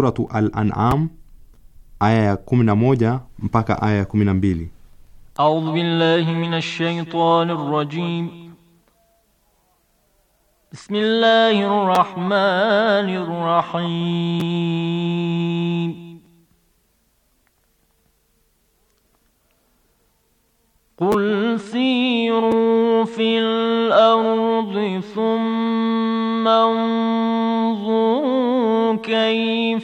Suratu Al-An'am aya ya 11 mpaka aya ya 12. A'udhu billahi minash shaitani rrajim. Bismillahir rahmanir rahim. Qul siru fil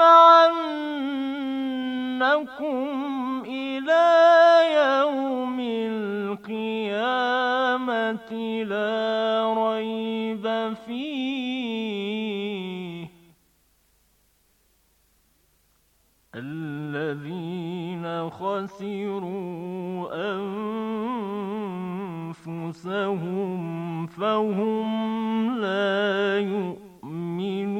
لَيَجْمَعَنَّكُمْ إِلَى يَوْمِ الْقِيَامَةِ لَا رَيْبَ فِيهِ الَّذِينَ خَسِرُوا أَنفُسَهُمْ فَهُمْ لَا يُؤْمِنُونَ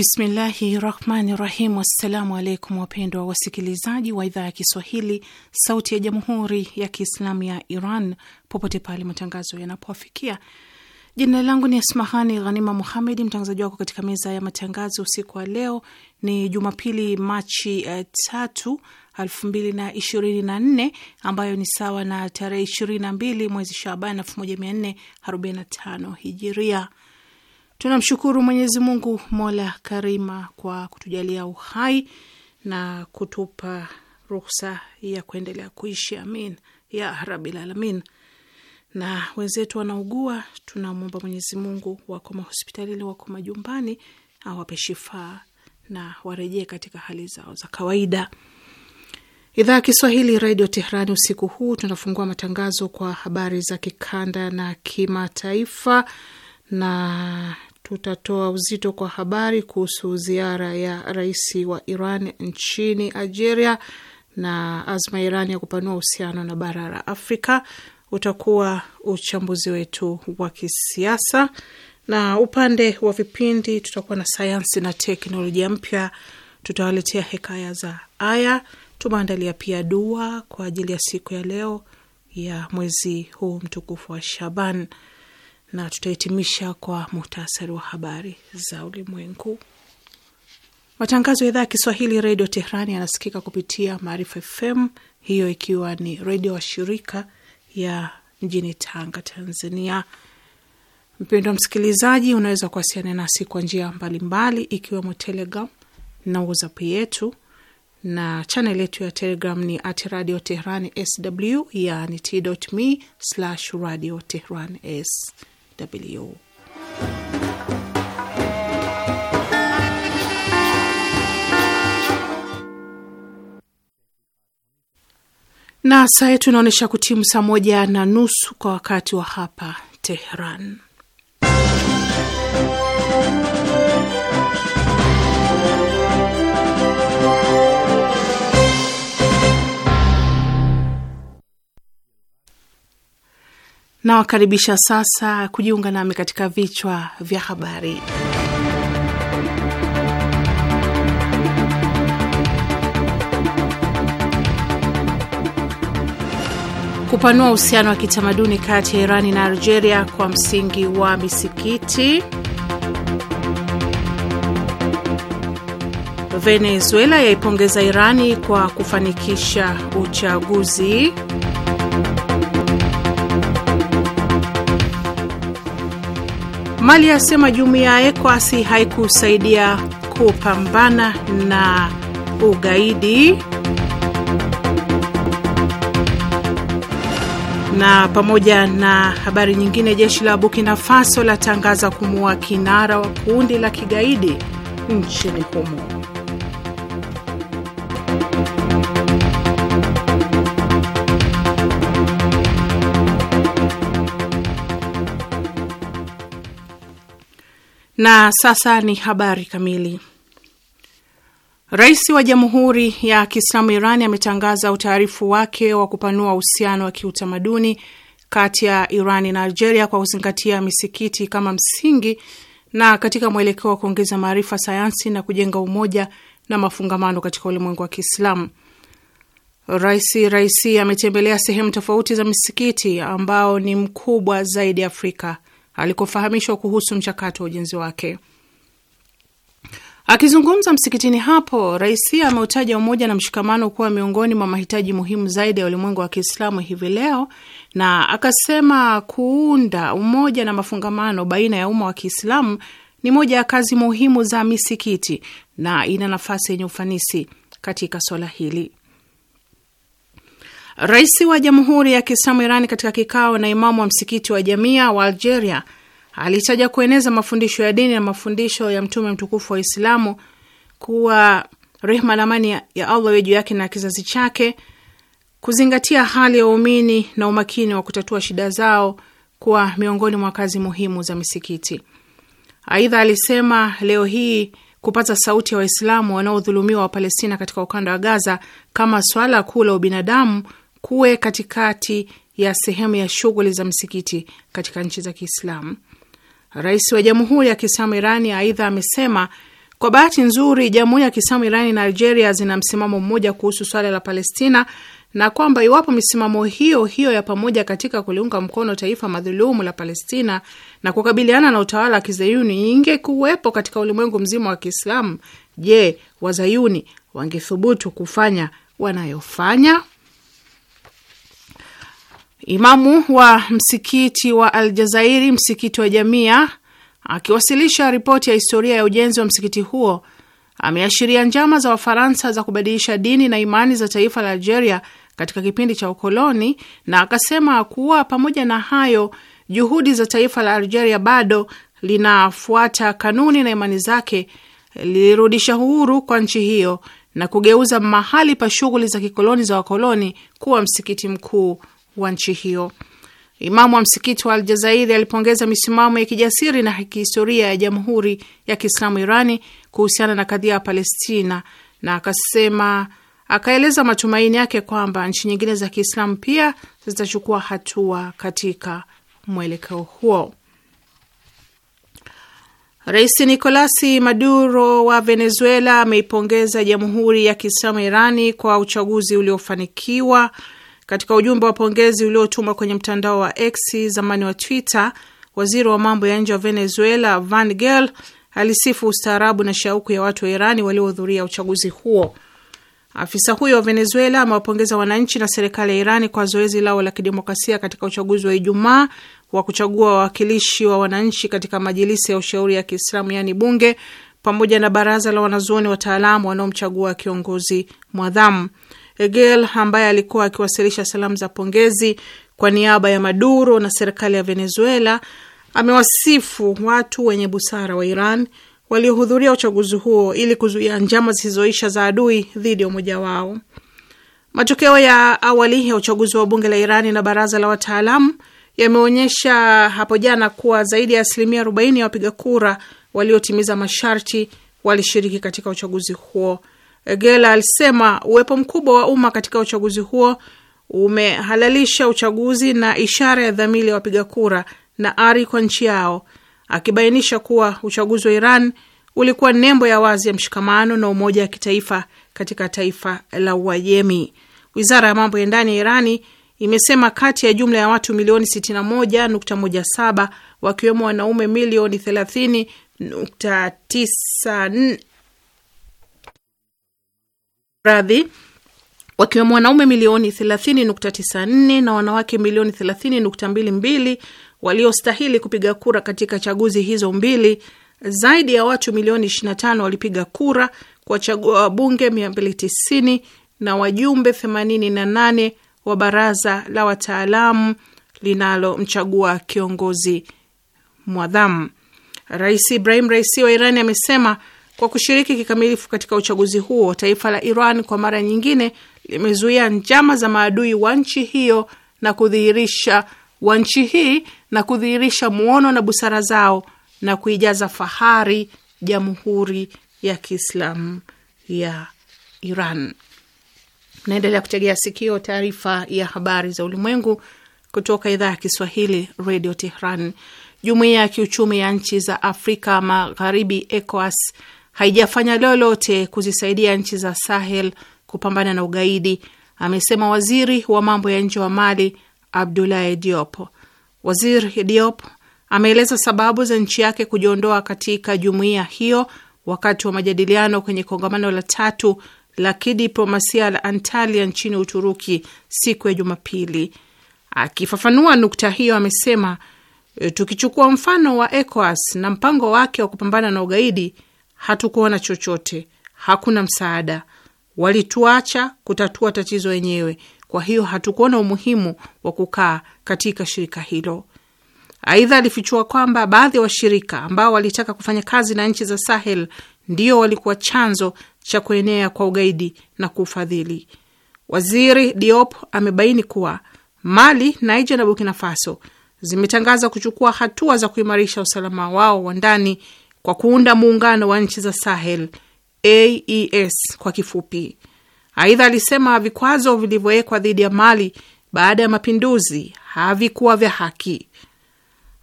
Bismillahi rahmani rahim. Assalamu alaikum wapendwa wasikilizaji wa idhaa ya Kiswahili sauti ya jamhuri ya Kiislamu ya Iran popote pale matangazo yanapoafikia Jina langu ni Asmahani Ghanima Muhamedi, mtangazaji wako katika meza ya matangazo. Usiku wa leo ni Jumapili, Machi eh, tatu elfu mbili na ishirini na nne ambayo ni sawa na tarehe ishirini na mbili mwezi Shaban elfu moja mia nne arobaini na tano hijiria. Tunamshukuru Mwenyezi Mungu mola karima kwa kutujalia uhai na kutupa ruhusa ya kuendelea kuishi, amin ya rabil alamin. Na wenzetu wanaugua, tunamwomba Mwenyezi Mungu, wako mahospitalini, wako majumbani, awape shifaa na warejee katika hali zao za kawaida. Idhaa ya Kiswahili Redio Teherani usiku huu tunafungua matangazo kwa habari za kikanda na kimataifa, na tutatoa uzito kwa habari kuhusu ziara ya rais wa Iran nchini Algeria na azma ya Iran ya kupanua uhusiano na bara la Afrika. Utakuwa uchambuzi wetu wa kisiasa, na upande wa vipindi tutakuwa na sayansi na teknolojia mpya. Tutawaletea hekaya za aya. Tumeandalia pia dua kwa ajili ya siku ya leo ya mwezi huu mtukufu wa Shaban na tutahitimisha kwa muhtasari wa habari za ulimwengu. Matangazo ya idhaa ya Kiswahili redio Tehrani yanasikika kupitia Maarifa FM, hiyo ikiwa ni redio wa shirika ya mjini Tanga, Tanzania. Mpendo msikilizaji, unaweza kuwasiliana nasi kwa njia mbalimbali, ikiwemo Telegram na WhatsApp yetu na chaneli yetu ya Telegram ni at radio Tehran sw, yani t.me slash radio Tehran sw DW. Na saa yetu inaonyesha kutimu saa moja na nusu kwa wakati wa hapa Tehran. Nawakaribisha sasa kujiunga nami katika vichwa vya habari. Kupanua uhusiano wa kitamaduni kati ya Irani na Algeria kwa msingi wa misikiti. Venezuela yaipongeza Irani kwa kufanikisha uchaguzi. Mali yasema jumuiya ya ECOWAS haikusaidia kupambana na ugaidi. Na pamoja na habari nyingine, jeshi la Burkina Faso latangaza kumuua kinara wa kundi la kigaidi nchini humo. Na sasa ni habari kamili. Rais wa Jamhuri ya Kiislamu Iran ametangaza utaarifu wake wa kupanua uhusiano wa kiutamaduni kati ya Iran na Algeria kwa kuzingatia misikiti kama msingi na katika mwelekeo wa kuongeza maarifa, sayansi na kujenga umoja na mafungamano katika ulimwengu wa Kiislamu. Rais Raisi ametembelea sehemu tofauti za misikiti ambao ni mkubwa zaidi Afrika alikofahamishwa kuhusu mchakato wa ujenzi wake. Akizungumza msikitini hapo, rais ameutaja umoja na mshikamano kuwa miongoni mwa mahitaji muhimu zaidi ya ulimwengu wa Kiislamu hivi leo, na akasema kuunda umoja na mafungamano baina ya umma wa Kiislamu ni moja ya kazi muhimu za misikiti na ina nafasi yenye ufanisi katika swala hili. Rais wa Jamhuri ya Kiislamu Irani katika kikao na imamu wa msikiti wa Jamia wa Algeria alitaja kueneza mafundisho ya dini na mafundisho ya mtume mtukufu wa Islamu kuwa rehma na amani ya Allah juu yake na kizazi chake, kuzingatia hali ya waumini na umakini wa kutatua shida zao kuwa miongoni mwa kazi muhimu za misikiti. Aidha alisema leo hii kupata sauti ya wa Waislamu wanaodhulumiwa wa Palestina katika ukanda wa Gaza kama swala kuu la ubinadamu kuwe katikati ya sehemu ya shughuli za msikiti katika nchi za Kiislamu. Rais wa Jamhuri ya Kiislamu Irani aidha amesema kwa bahati nzuri, Jamhuri ya Kiislamu Irani na Algeria zina msimamo mmoja kuhusu swala la Palestina na kwamba iwapo misimamo hiyo hiyo ya pamoja katika kuliunga mkono taifa madhulumu la Palestina na kukabiliana na utawala wa kizayuni ingekuwepo katika ulimwengu mzima wa Kiislamu, je, wazayuni wangethubutu kufanya wanayofanya? Imamu wa msikiti wa Aljazairi, msikiti wa Jamia, akiwasilisha ripoti ya historia ya ujenzi wa msikiti huo ameashiria njama za Wafaransa za kubadilisha dini na imani za taifa la Algeria katika kipindi cha ukoloni, na akasema kuwa pamoja na hayo, juhudi za taifa la Algeria bado linafuata kanuni na imani zake, lilirudisha uhuru kwa nchi hiyo na kugeuza mahali pa shughuli za kikoloni za wakoloni kuwa msikiti mkuu wa nchi hiyo. Imamu wa msikiti wa Aljazairi alipongeza misimamo ya kijasiri na kihistoria ya Jamhuri ya Kiislamu Irani kuhusiana na kadhia ya Palestina na akasema, akaeleza matumaini yake kwamba nchi nyingine za Kiislamu pia zitachukua hatua katika mwelekeo huo. Rais Nicolasi Maduro wa Venezuela ameipongeza Jamhuri ya Kiislamu Irani kwa uchaguzi uliofanikiwa katika ujumbe wa pongezi uliotumwa kwenye mtandao wa X, zamani wa Twitter, waziri wa mambo ya nje wa Venezuela Van Gel alisifu ustaarabu na shauku ya watu wa Irani waliohudhuria uchaguzi huo. Afisa huyo wa Venezuela amewapongeza wananchi na serikali ya Irani kwa zoezi lao la kidemokrasia katika uchaguzi wa Ijumaa wa kuchagua wawakilishi wa wananchi katika majilisi ya ushauri ya Kiislamu, yaani bunge, pamoja na baraza la wanazuoni wataalamu wanaomchagua kiongozi mwadhamu. Hegel ambaye alikuwa akiwasilisha salamu za pongezi kwa niaba ya Maduro na serikali ya Venezuela amewasifu watu wenye busara wa Iran waliohudhuria uchaguzi huo ili kuzuia njama zisizoisha za adui dhidi ya umoja wao. Matokeo ya awali ya uchaguzi wa bunge la Irani na baraza la wataalamu yameonyesha hapo jana kuwa zaidi ya asilimia 40 ya wapiga kura waliotimiza masharti walishiriki katika uchaguzi huo Gela alisema uwepo mkubwa wa umma katika uchaguzi huo umehalalisha uchaguzi na ishara ya dhamili ya wapiga kura na ari kwa nchi yao, akibainisha kuwa uchaguzi wa Iran ulikuwa nembo ya wazi ya mshikamano na umoja wa kitaifa katika taifa la Uajemi. Wizara ya mambo ya ndani ya Irani imesema kati ya jumla ya watu milioni 61.17 wakiwemo wanaume milioni 30.94 radhi wakiwemo wanaume milioni 30.94 na wanawake milioni 30.22 waliostahili kupiga kura katika chaguzi hizo mbili. Zaidi ya watu milioni 25 walipiga kura kuwachagua wabunge 290 na wajumbe 88 wa baraza la wataalamu linalomchagua kiongozi mwadhamu. Rais Ibrahim Raisi wa Irani amesema kwa kushiriki kikamilifu katika uchaguzi huo, taifa la Iran kwa mara nyingine limezuia njama za maadui wa nchi hiyo na kudhihirisha wa nchi hii na kudhihirisha muono na busara zao na kuijaza fahari Jamhuri ya Kiislamu ya Iran. Naendelea kutegea sikio taarifa ya habari za ulimwengu kutoka idhaa ya Kiswahili Radio Tehran. Jumuiya ya kiuchumi ya nchi za Afrika Magharibi ECOWAS haijafanya lolote kuzisaidia nchi za Sahel kupambana na ugaidi, amesema waziri wa mambo ya nje wa Mali Abdoulaye Diop. Waziri Diop ameeleza sababu za nchi yake kujiondoa katika jumuiya hiyo wakati wa majadiliano kwenye kongamano la tatu la kidiplomasia la Antalya nchini Uturuki siku ya Jumapili. Akifafanua nukta hiyo, amesema eh, tukichukua mfano wa ECOWAS na mpango wake wa kupambana na ugaidi hatukuona chochote, hakuna msaada. Walituacha kutatua tatizo wenyewe, kwa hiyo hatukuona umuhimu wa kukaa katika shirika hilo. Aidha, alifichua kwamba baadhi ya wa washirika ambao walitaka kufanya kazi na nchi za Sahel ndio walikuwa chanzo cha kuenea kwa ugaidi na kuufadhili. Waziri Diop amebaini kuwa Mali, Niger na Burkina Faso zimetangaza kuchukua hatua za kuimarisha usalama wao wa ndani kwa kuunda muungano wa nchi za Sahel, AES kwa kifupi. Aidha, alisema vikwazo vilivyowekwa dhidi ya Mali baada ya mapinduzi havikuwa vya haki.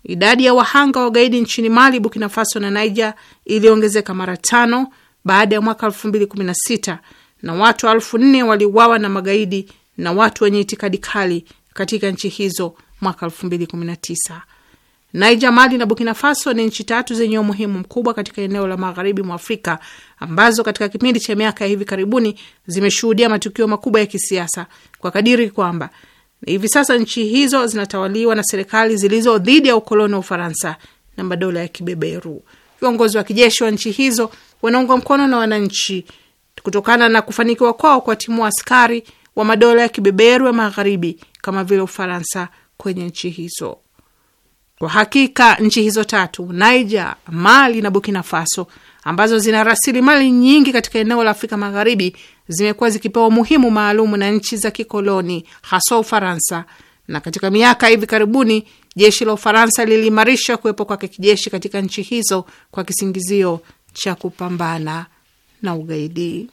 Idadi ya wahanga wa ugaidi nchini Mali, Burkina Faso na Niger iliongezeka mara tano baada ya mwaka 2016 na watu elfu nne waliuawa na magaidi na watu wenye itikadi kali katika nchi hizo mwaka 2019. Niger, Mali na Burkina Faso ni nchi tatu zenye umuhimu mkubwa katika eneo la magharibi mwa Afrika ambazo katika kipindi cha miaka ya hivi karibuni zimeshuhudia matukio makubwa ya kisiasa kwa kadiri kwamba hivi sasa nchi hizo zinatawaliwa na serikali zilizo dhidi ya ukoloni wa Ufaransa na madola ya kibeberu. Viongozi wa kijeshi wa nchi hizo wanaungwa mkono na wananchi kutokana na kufanikiwa kwao kuwatimua askari wa madola ya kibeberu ya magharibi kama vile Ufaransa kwenye nchi hizo. Kwa hakika nchi hizo tatu, Niger, Mali na Burkina Faso, ambazo zina rasilimali nyingi katika eneo la Afrika Magharibi, zimekuwa zikipewa umuhimu maalumu na nchi za kikoloni, haswa Ufaransa. Na katika miaka hivi karibuni jeshi la Ufaransa liliimarisha kuwepo kwake kijeshi katika nchi hizo kwa kisingizio cha kupambana na ugaidi.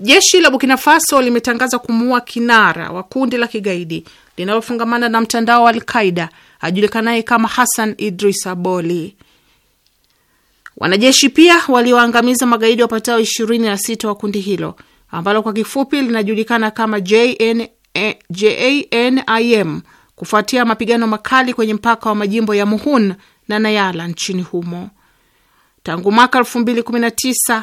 Jeshi la Burkina Faso limetangaza kumuua kinara wa kundi la kigaidi linalofungamana na mtandao wa Alqaida ajulikanaye kama Hassan Idris Aboli. Wanajeshi pia walioangamiza magaidi wapatao 26 wa kundi hilo ambalo kwa kifupi linajulikana kama JN, JANIM kufuatia mapigano makali kwenye mpaka wa majimbo ya Muhun na Nayala nchini humo tangu mwaka 2019.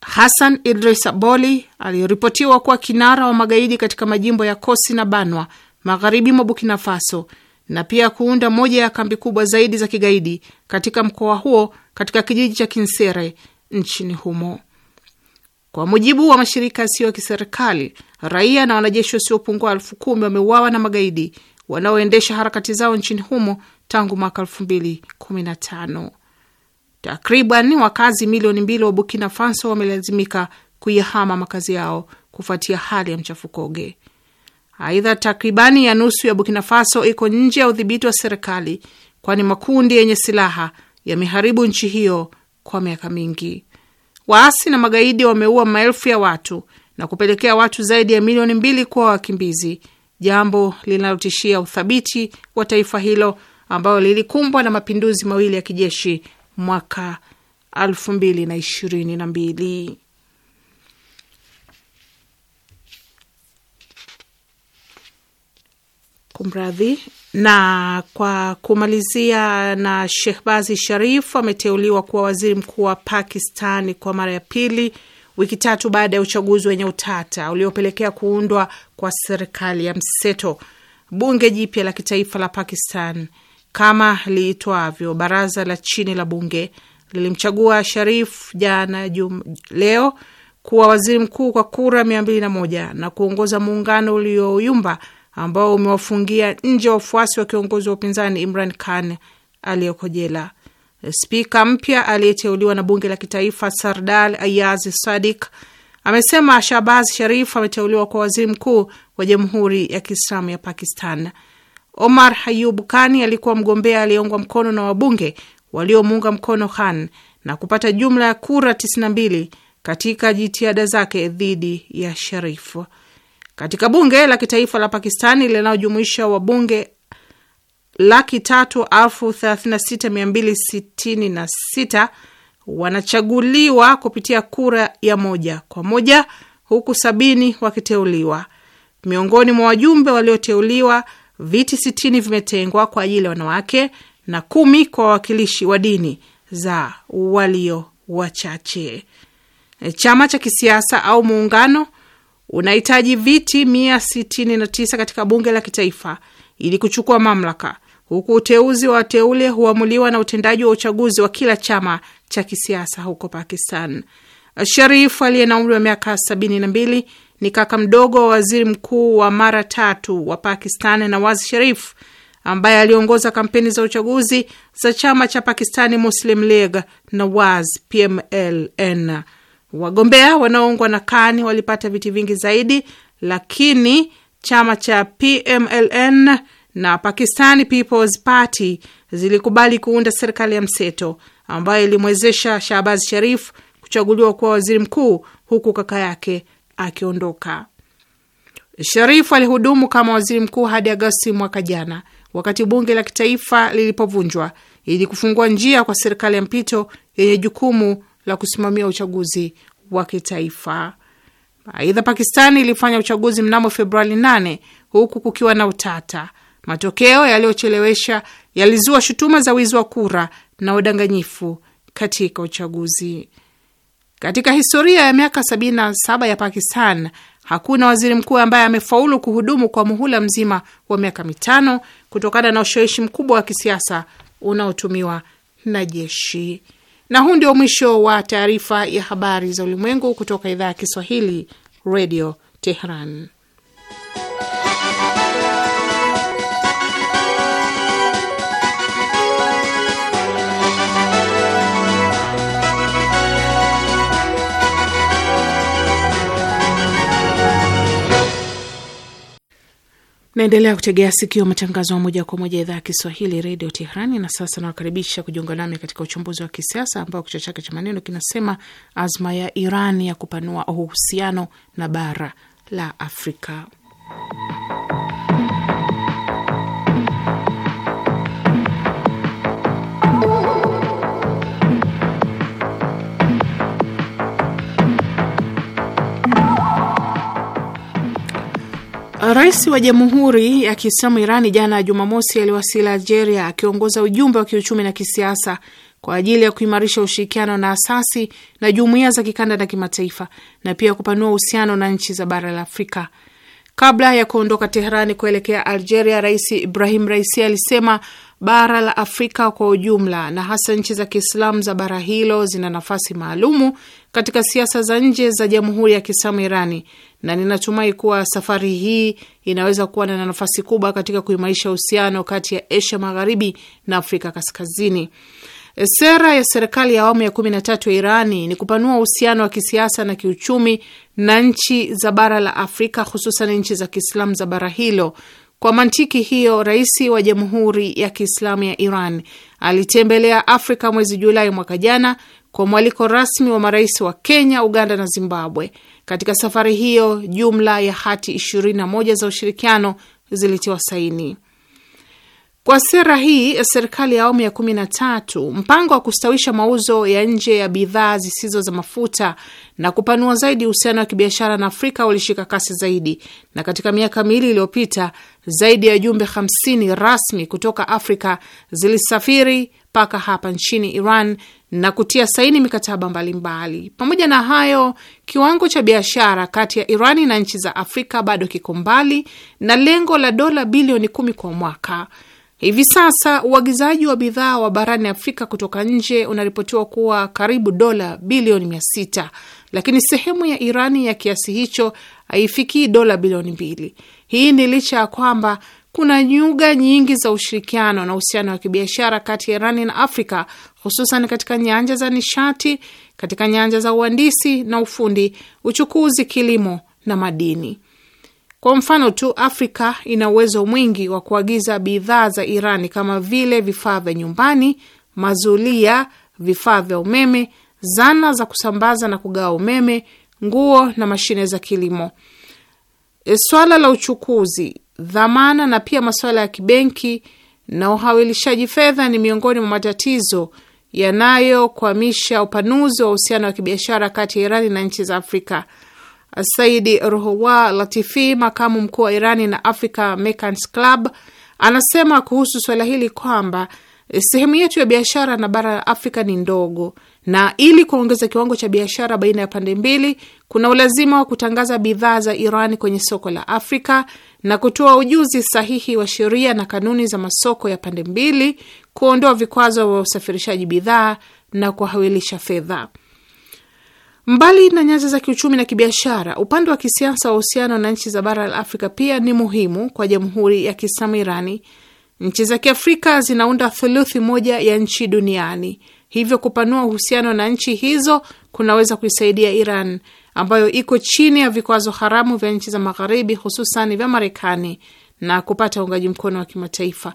Hassan Idris Aboli aliyeripotiwa kuwa kinara wa magaidi katika majimbo ya Kosi na Banwa magharibi mwa Burkina Faso na pia kuunda moja ya kambi kubwa zaidi za kigaidi katika mkoa huo katika kijiji cha Kinsere nchini humo. Kwa mujibu wa mashirika yasiyo ya kiserikali, raia na wanajeshi wasiopungua elfu kumi wameuawa na magaidi wanaoendesha harakati zao nchini humo tangu mwaka 2015. Takriban wakazi milioni mbili wa Burkina Faso wamelazimika kuyahama makazi yao kufuatia hali ya mchafukoge. Aidha, takribani ya nusu ya Burkina Faso iko nje ya udhibiti wa serikali, kwani makundi yenye silaha yameharibu nchi hiyo kwa miaka mingi. Waasi na magaidi wameua maelfu ya watu na kupelekea watu zaidi ya milioni mbili kuwa wakimbizi, jambo linalotishia uthabiti wa taifa hilo ambayo lilikumbwa na mapinduzi mawili ya kijeshi mwaka 2022. kumradhi. Na kwa kumalizia, na Shehbazi Sharif ameteuliwa kuwa waziri mkuu wa Pakistani kwa mara ya pili wiki tatu baada ya uchaguzi wenye utata uliopelekea kuundwa kwa serikali ya mseto. Bunge jipya la kitaifa la Pakistan kama liitwavyo baraza la chini la bunge lilimchagua Sharif jana jum, leo kuwa waziri mkuu kwa kura mia mbili na moja na kuongoza muungano ulioyumba ambao umewafungia nje wafuasi wa kiongozi wa upinzani Imran Khan aliyoko jela. Spika mpya aliyeteuliwa na bunge la kitaifa sardal Ayazi Sadik amesema Shahbaz Sharif ameteuliwa kwa waziri mkuu wa Jamhuri ya Kiislamu ya Pakistan. Omar Hayub Kani alikuwa mgombea aliyeungwa mkono na wabunge waliomuunga mkono Khan na kupata jumla ya kura 92 katika jitihada zake dhidi ya Sharif. Katika bunge la kitaifa la Pakistani linalojumuisha wabunge laki tatu elfu thelathini na sita mia mbili sitini na sita wanachaguliwa kupitia kura ya moja kwa moja huku sabini wakiteuliwa. Miongoni mwa wajumbe walioteuliwa, viti sitini vimetengwa kwa ajili ya wanawake na kumi kwa wawakilishi wa dini za walio wachache. Chama cha kisiasa au muungano unahitaji viti 169 katika bunge la kitaifa ili kuchukua mamlaka, huku uteuzi wa wateule huamuliwa na utendaji wa uchaguzi wa kila chama cha kisiasa huko Pakistan. Sharif aliye na umri wa miaka 72 ni kaka mdogo wa waziri mkuu wa mara tatu wa Pakistan Nawaz Sharif, ambaye aliongoza kampeni za uchaguzi za chama cha Pakistani Muslim League Nawaz PMLN. Wagombea wanaoungwa na kani walipata viti vingi zaidi, lakini chama cha PMLN na Pakistani Peoples Party zilikubali kuunda serikali ya mseto ambayo ilimwezesha Shahbaz Sharif kuchaguliwa kuwa waziri mkuu huku kaka yake akiondoka. Sharif alihudumu kama waziri mkuu hadi Agosti mwaka jana, wakati bunge la kitaifa lilipovunjwa ili kufungua njia kwa serikali ya mpito yenye jukumu la kusimamia uchaguzi wa kitaifa. Aidha, Pakistani ilifanya uchaguzi mnamo Februari 8 huku kukiwa na utata. Matokeo yaliyochelewesha yalizua shutuma za wizi wa kura na udanganyifu katika uchaguzi. Katika historia ya miaka 77 ya Pakistan hakuna waziri mkuu ambaye amefaulu kuhudumu kwa muhula mzima wa miaka mitano kutokana na ushawishi mkubwa wa kisiasa unaotumiwa na jeshi. Na huu ndio mwisho wa taarifa ya habari za ulimwengu kutoka idhaa ya Kiswahili, Radio Tehran. Naendelea kutegea sikio matangazo ya moja kwa moja idhaa ya Kiswahili redio tehrani Na sasa nawakaribisha kujiunga nami katika uchambuzi wa kisiasa ambao kichwa chake cha maneno kinasema azma ya Iran ya kupanua uhusiano na bara la Afrika. Rais wa Jamhuri ya Kiislamu Irani jana Jumamosi aliwasili Algeria akiongoza ujumbe wa kiuchumi na kisiasa kwa ajili ya kuimarisha ushirikiano na asasi na jumuiya za kikanda na kimataifa na pia kupanua uhusiano na nchi za bara la Afrika. Kabla ya kuondoka Teherani kuelekea Algeria, Rais Ibrahim Raisi alisema bara la Afrika kwa ujumla na hasa nchi za Kiislamu za bara hilo zina nafasi maalumu katika siasa za nje za Jamhuri ya Kiislamu Irani, na ninatumai kuwa safari hii inaweza kuwa na nafasi kubwa katika kuimarisha uhusiano kati ya Asia Magharibi na Afrika Kaskazini. Sera ya serikali ya awamu ya kumi na tatu ya Irani ni kupanua uhusiano wa kisiasa na kiuchumi na nchi za bara la Afrika, hususan nchi za Kiislamu za bara hilo. Kwa mantiki hiyo, rais wa Jamhuri ya Kiislamu ya Iran alitembelea Afrika mwezi Julai mwaka jana kwa mwaliko rasmi wa marais wa Kenya, Uganda na Zimbabwe. Katika safari hiyo, jumla ya hati 21 za ushirikiano zilitiwa saini. Kwa sera hii, ya serikali ya awamu ya 13 mpango wa kustawisha mauzo ya nje ya bidhaa zisizo za mafuta na kupanua zaidi uhusiano wa kibiashara na Afrika ulishika kasi zaidi, na katika miaka miwili iliyopita zaidi ya jumbe 50 rasmi kutoka Afrika zilisafiri mpaka hapa nchini Iran na kutia saini mikataba mbalimbali mbali. Pamoja na hayo, kiwango cha biashara kati ya Irani na nchi za Afrika bado kiko mbali na lengo la dola bilioni kumi kwa mwaka. Hivi sasa uagizaji wa bidhaa wa barani Afrika kutoka nje unaripotiwa kuwa karibu dola bilioni mia sita, lakini sehemu ya Irani ya kiasi hicho haifikii dola bilioni mbili. Hii ni licha ya kwamba kuna nyuga nyingi za ushirikiano na uhusiano wa kibiashara kati ya Irani na Afrika, hususan katika nyanja za nishati, katika nyanja za uhandisi na ufundi, uchukuzi, kilimo na madini. Kwa mfano tu, Afrika ina uwezo mwingi wa kuagiza bidhaa za Irani kama vile vifaa vya nyumbani, mazulia, vifaa vya umeme, zana za kusambaza na kugawa umeme, nguo na mashine za kilimo. E, swala la uchukuzi dhamana na pia masuala ya kibenki na uhawilishaji fedha ni miongoni mwa matatizo yanayokwamisha upanuzi wa uhusiano wa kibiashara kati ya Irani na nchi za Afrika. Saidi ruhowa Latifi, makamu mkuu wa Irani na Africa Merchants Club, anasema kuhusu suala hili kwamba sehemu yetu ya biashara na bara la Afrika ni ndogo na ili kuongeza kiwango cha biashara baina ya pande mbili, kuna ulazima wa kutangaza bidhaa za Iran kwenye soko la Afrika na kutoa ujuzi sahihi wa sheria na kanuni za masoko ya pande mbili, kuondoa vikwazo vya usafirishaji bidhaa na kuhawilisha fedha. Mbali na nyanza za kiuchumi na kibiashara, upande wa kisiasa wa uhusiano na nchi za bara la Afrika pia ni muhimu kwa Jamhuri ya Kiislamu Irani. Nchi za Kiafrika zinaunda thuluthi moja ya nchi duniani Hivyo kupanua uhusiano na nchi hizo kunaweza kuisaidia Iran ambayo iko chini ya vikwazo haramu vya nchi za Magharibi, hususan vya Marekani na kupata uungaji mkono wa kimataifa.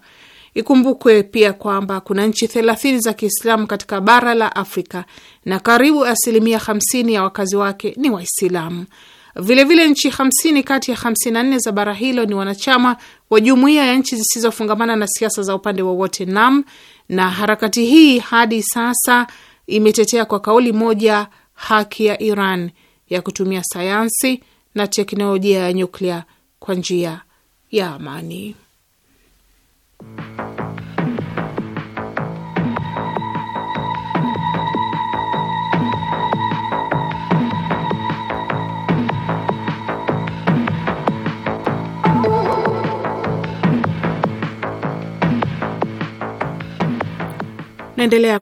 Ikumbukwe pia kwamba kuna nchi thelathini za Kiislamu katika bara la Afrika na karibu asilimia hamsini ya wakazi wake ni Waislamu. Vilevile nchi hamsini kati ya hamsini na nne za bara hilo ni wanachama wa jumuiya ya nchi zisizofungamana na siasa za upande wowote NAM, na harakati hii hadi sasa imetetea kwa kauli moja haki ya Iran ya kutumia sayansi na teknolojia ya nyuklia kwa njia ya amani. naendelea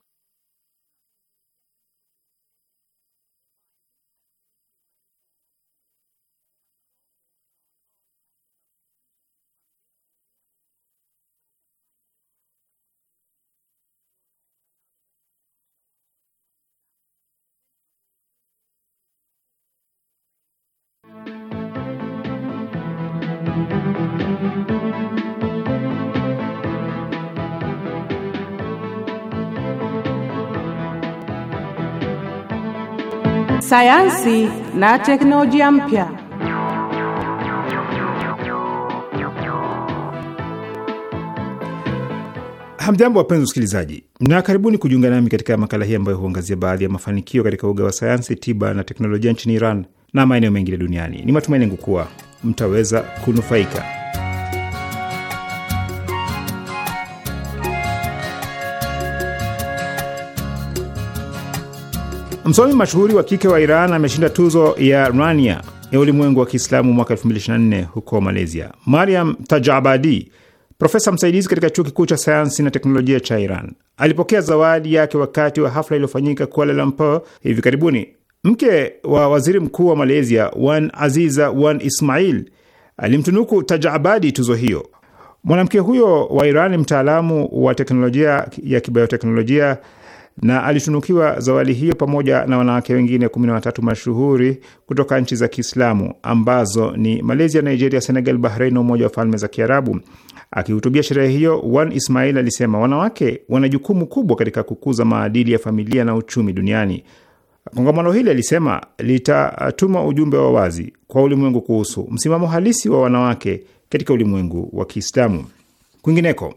thank you sayansi na teknolojia mpya. Hamjambo, wapenzi usikilizaji na karibuni kujiunga nami katika makala hii ambayo huangazia baadhi ya mafanikio katika uga wa sayansi, tiba na teknolojia nchini Iran na maeneo mengine duniani. Ni matumaini yangu kuwa mtaweza kunufaika. Msomi mashuhuri wa kike wa Iran ameshinda tuzo ya Rania ya ulimwengu wa Kiislamu mwaka 2024 huko Malaysia. Mariam Tajabadi, profesa msaidizi katika chuo kikuu cha sayansi na teknolojia cha Iran, alipokea zawadi yake wakati wa hafla iliyofanyika Kuala Lumpur hivi karibuni. Mke wa waziri mkuu wa Malaysia Wan Aziza Wan Ismail alimtunuku Tajabadi tuzo hiyo. Mwanamke huyo wa Iran, mtaalamu wa teknolojia ya kibayoteknolojia na alitunukiwa zawadi hiyo pamoja na wanawake wengine kumi na watatu mashuhuri kutoka nchi za Kiislamu ambazo ni Malaysia, Nigeria, Senegal, Bahrain na Umoja wa Falme za Kiarabu. Akihutubia sherehe hiyo, Wan Ismail alisema wanawake wana jukumu kubwa katika kukuza maadili ya familia na uchumi duniani. Kongamano hili alisema litatuma ujumbe wa wazi kwa ulimwengu kuhusu msimamo halisi wa wanawake katika ulimwengu wa Kiislamu. Kwingineko,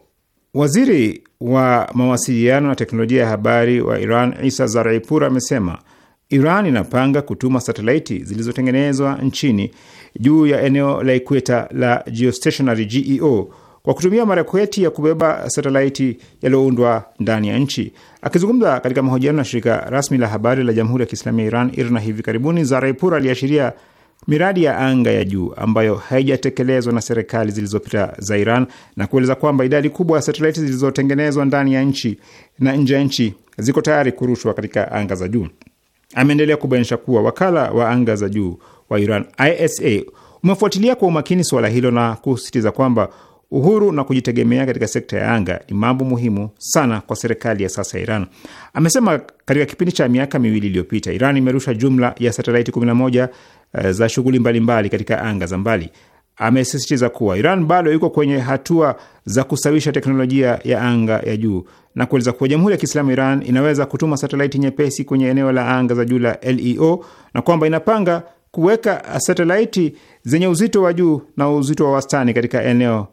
Waziri wa mawasiliano na teknolojia ya habari wa Iran, Isa Zaraipur, amesema Iran inapanga kutuma satelaiti zilizotengenezwa nchini juu ya eneo la ikweta la geostationary GEO kwa kutumia marekweti ya kubeba satelaiti yaliyoundwa ndani ya nchi. Akizungumza katika mahojiano na shirika rasmi la habari la Jamhuri ya Kiislamu ya Iran IRNA hivi karibuni, Zaraipur aliashiria miradi ya anga ya juu ambayo haijatekelezwa na serikali zilizopita za Iran na kueleza kwamba idadi kubwa ya satelaiti zilizotengenezwa ndani ya nchi na nje ya nchi ziko tayari kurushwa katika anga za juu. Ameendelea kubainisha kuwa wakala wa anga za juu wa Iran ISA umefuatilia kwa umakini suala hilo na kusisitiza kwamba uhuru na kujitegemea katika sekta ya anga ni mambo muhimu sana kwa serikali ya sasa ya Iran. Amesema katika kipindi cha miaka miwili iliyopita, Iran imerusha jumla ya satelaiti 11 Eh, za shughuli mbalimbali katika anga za mbali. Amesisitiza kuwa Iran bado iko kwenye hatua za kusawisha teknolojia ya anga ya juu na kueleza kuwa Jamhuri ya Kiislamu Iran inaweza kutuma satelaiti nyepesi kwenye eneo la anga za juu la LEO na kwamba inapanga kuweka satelaiti zenye uzito wa juu na uzito wa wastani katika eneo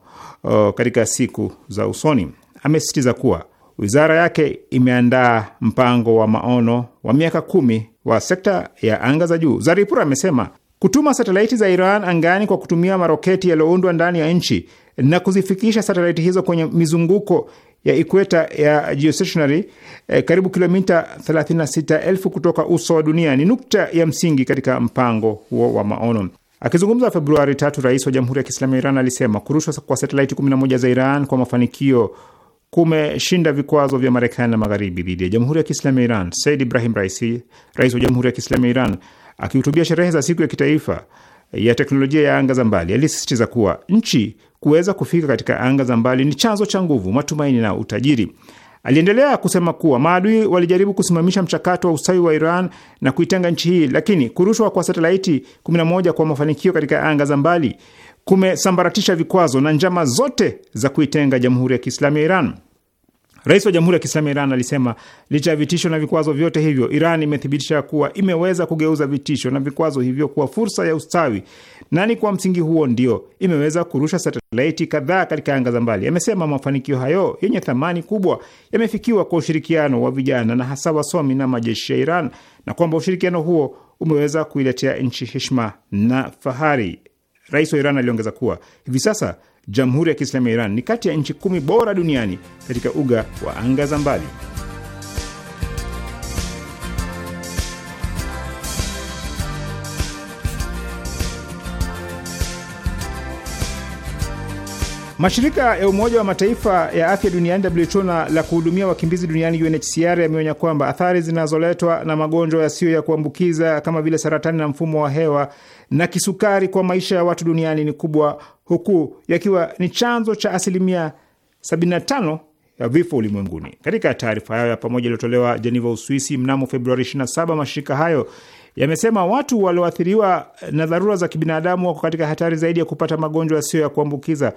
o, katika siku za usoni. Amesisitiza kuwa wizara yake imeandaa mpango wa maono wa miaka kumi wa sekta ya anga za juu. Zaripur amesema kutuma satelaiti za Iran angani kwa kutumia maroketi yaliyoundwa ndani ya nchi na kuzifikisha satelaiti hizo kwenye mizunguko ya ikweta ya geostationary eh, karibu kilomita 36,000 kutoka uso wa dunia ni nukta ya msingi katika mpango huo wa maono. Akizungumza Februari tatu, rais wa Jamhuri ya Kiislamu ya Iran alisema kurushwa kwa satelaiti 11 za Iran kwa mafanikio kumeshinda vikwazo vya Marekani na magharibi dhidi ya Jamhuri ya Kiislamu ya Iran. Said Ibrahim Raisi, rais wa Jamhuri ya Kiislamu ya Iran, akihutubia sherehe za siku ya kitaifa ya teknolojia ya anga za mbali, alisisitiza kuwa nchi kuweza kufika katika anga za mbali ni chanzo cha nguvu, matumaini na utajiri. Aliendelea kusema kuwa maadui walijaribu kusimamisha mchakato wa ustawi wa Iran na kuitenga nchi hii, lakini kurushwa kwa satelaiti 11 kwa mafanikio katika anga za mbali kumesambaratisha vikwazo na njama zote za kuitenga Jamhuri ya Kiislamu ya Iran. Rais wa Jamhuri ya Kiislamu ya Iran alisema licha ya vitisho na vikwazo vyote hivyo, Iran imethibitisha kuwa imeweza kugeuza vitisho na vikwazo hivyo kuwa fursa ya ustawi, na ni kwa msingi huo ndio imeweza kurusha satelaiti kadhaa katika anga za mbali. Amesema mafanikio hayo yenye thamani kubwa yamefikiwa kwa ushirikiano wa vijana na hasa wasomi na majeshi ya Iran na kwamba ushirikiano huo umeweza kuiletea nchi heshima na fahari. Rais wa Iran aliongeza kuwa hivi sasa Jamhuri ya Kiislamu ya Iran ni kati ya nchi kumi bora duniani katika uga wa anga za mbali. Mashirika ya Umoja wa Mataifa ya afya duniani WHO na la kuhudumia wakimbizi duniani UNHCR yameonya kwamba athari zinazoletwa na magonjwa yasiyo ya kuambukiza kama vile saratani na mfumo wa hewa na kisukari kwa maisha ya watu duniani ni kubwa, huku yakiwa ni chanzo cha asilimia 75 ya vifo ulimwenguni. Katika taarifa yao ya pamoja iliyotolewa Jeneva, Uswisi mnamo Februari 27, mashirika hayo yamesema watu walioathiriwa na dharura za kibinadamu wako katika hatari zaidi ya kupata magonjwa yasiyo ya kuambukiza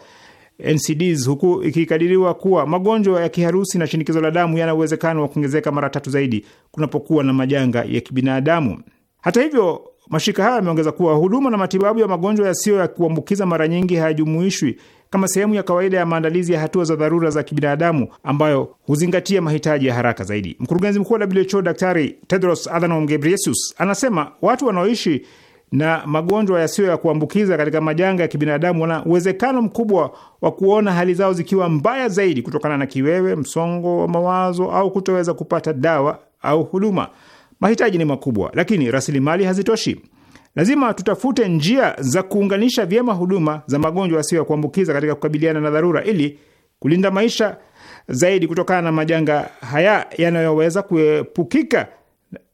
NCDs, huku ikikadiriwa kuwa magonjwa ya kiharusi na shinikizo la damu yana uwezekano wa kuongezeka mara tatu zaidi kunapokuwa na majanga ya kibinadamu. Hata hivyo Mashirika hayo yameongeza kuwa huduma na matibabu ya magonjwa yasiyo ya kuambukiza mara nyingi hayajumuishwi kama sehemu ya kawaida ya maandalizi ya hatua za dharura za kibinadamu ambayo huzingatia mahitaji ya haraka zaidi. Mkurugenzi mkuu wa WHO Daktari Tedros Adhanom Ghebreyesus anasema watu wanaoishi na magonjwa yasiyo ya kuambukiza katika majanga ya kibinadamu wana uwezekano mkubwa wa kuona hali zao zikiwa mbaya zaidi kutokana na kiwewe, msongo wa mawazo au kutoweza kupata dawa au huduma. Mahitaji ni makubwa, lakini rasilimali hazitoshi. Lazima tutafute njia za kuunganisha vyema huduma za magonjwa yasiyo ya kuambukiza katika kukabiliana na dharura ili kulinda maisha zaidi kutokana na majanga haya yanayoweza kuepukika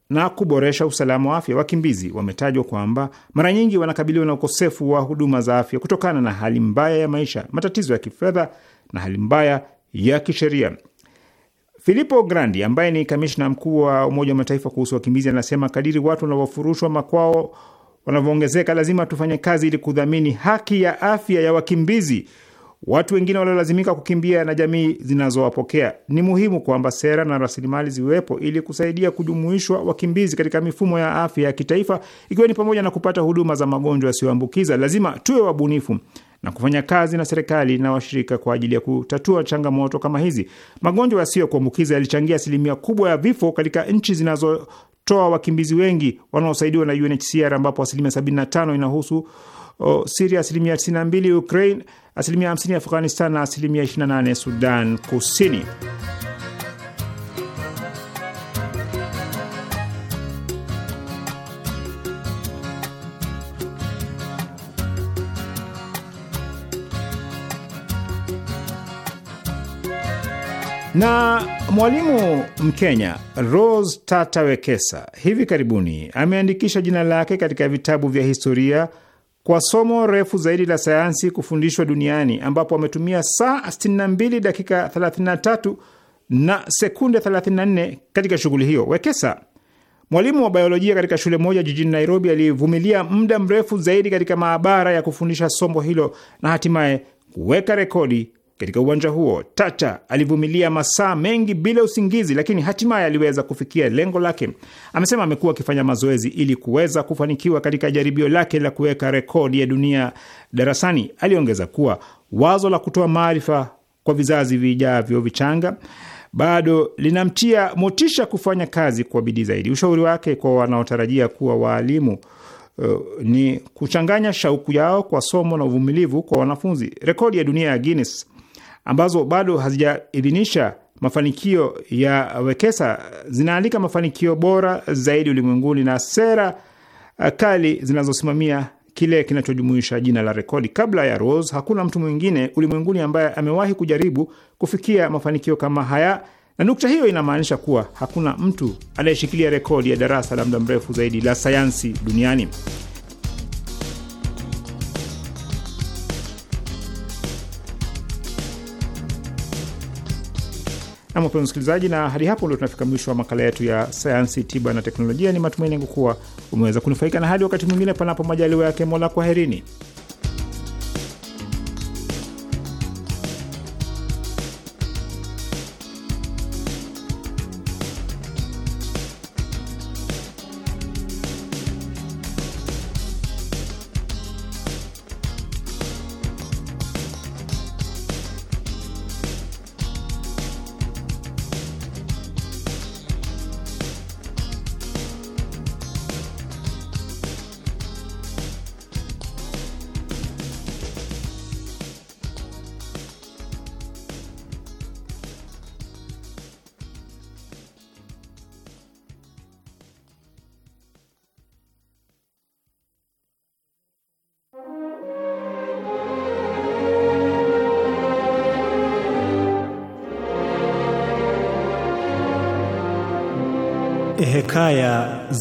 na kuboresha usalama wa afya. Wakimbizi wametajwa kwamba mara nyingi wanakabiliwa na ukosefu wa huduma za afya kutokana na hali mbaya ya maisha, matatizo ya kifedha na hali mbaya ya kisheria. Filippo Grandi ambaye ni kamishna mkuu wa Umoja wa Mataifa kuhusu wakimbizi anasema kadiri watu wanavyofurushwa makwao wanavyoongezeka, lazima tufanye kazi ili kudhamini haki ya afya ya wakimbizi, watu wengine waliolazimika kukimbia na jamii zinazowapokea. Ni muhimu kwamba sera na rasilimali ziwepo ili kusaidia kujumuishwa wakimbizi katika mifumo ya afya ya kitaifa, ikiwa ni pamoja na kupata huduma za magonjwa yasiyoambukiza. Lazima tuwe wabunifu na kufanya kazi na serikali na washirika kwa ajili ya kutatua changamoto kama hizi. Magonjwa yasiyo kuambukiza yalichangia asilimia kubwa ya vifo katika nchi zinazotoa wakimbizi wengi wanaosaidiwa na UNHCR ambapo asilimia 75 inahusu o, Siria, asilimia 92 Ukraine, asilimia 50 Afghanistan na asilimia 28 Sudan Kusini. Na mwalimu Mkenya Rose Tata Wekesa hivi karibuni ameandikisha jina lake katika vitabu vya historia kwa somo refu zaidi la sayansi kufundishwa duniani ambapo ametumia saa 62 dakika 33 na sekunde 34 katika shughuli hiyo. Wekesa, mwalimu wa biolojia katika shule moja jijini Nairobi, alivumilia muda mrefu zaidi katika maabara ya kufundisha somo hilo na hatimaye kuweka rekodi katika uwanja huo Tata alivumilia masaa mengi bila usingizi, lakini hatimaye aliweza kufikia lengo lake. Amesema amekuwa akifanya mazoezi ili kuweza kufanikiwa katika jaribio lake la kuweka rekodi ya dunia darasani. Aliongeza kuwa wazo la kutoa maarifa kwa vizazi vijavyo vichanga bado linamtia motisha kufanya kazi kwa bidii zaidi. Ushauri wake kwa wanaotarajia kuwa waalimu Uh, ni kuchanganya shauku yao kwa somo na uvumilivu kwa wanafunzi. Rekodi ya dunia ya Guinness ambazo bado hazijaidhinisha mafanikio ya Wekesa zinaandika mafanikio bora zaidi ulimwenguni na sera uh, kali zinazosimamia kile kinachojumuisha jina la rekodi. Kabla ya Rose, hakuna mtu mwingine ulimwenguni ambaye amewahi kujaribu kufikia mafanikio kama haya, na nukta hiyo inamaanisha kuwa hakuna mtu anayeshikilia rekodi ya darasa la muda mrefu zaidi la sayansi duniani. na mapema msikilizaji, na hadi hapo ndio tunafika mwisho wa makala yetu ya sayansi, tiba na teknolojia. Ni matumaini yangu kuwa umeweza kunufaika, na hadi wakati mwingine, panapo majaliwa yake Mola, kwaherini.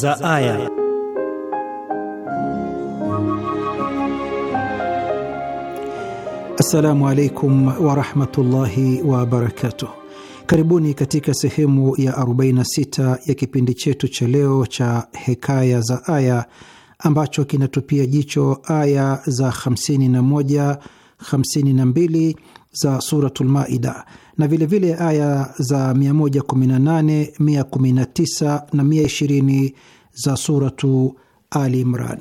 za aya. Assalamu alaikum warahmatullahi wabarakatuh. Karibuni katika sehemu ya 46 ya kipindi chetu cha leo cha Hekaya za Aya ambacho kinatupia jicho aya za 51, 52 za Suratul Maida na vilevile vile aya za 118, 119 na 120 za Suratu Ali Imran.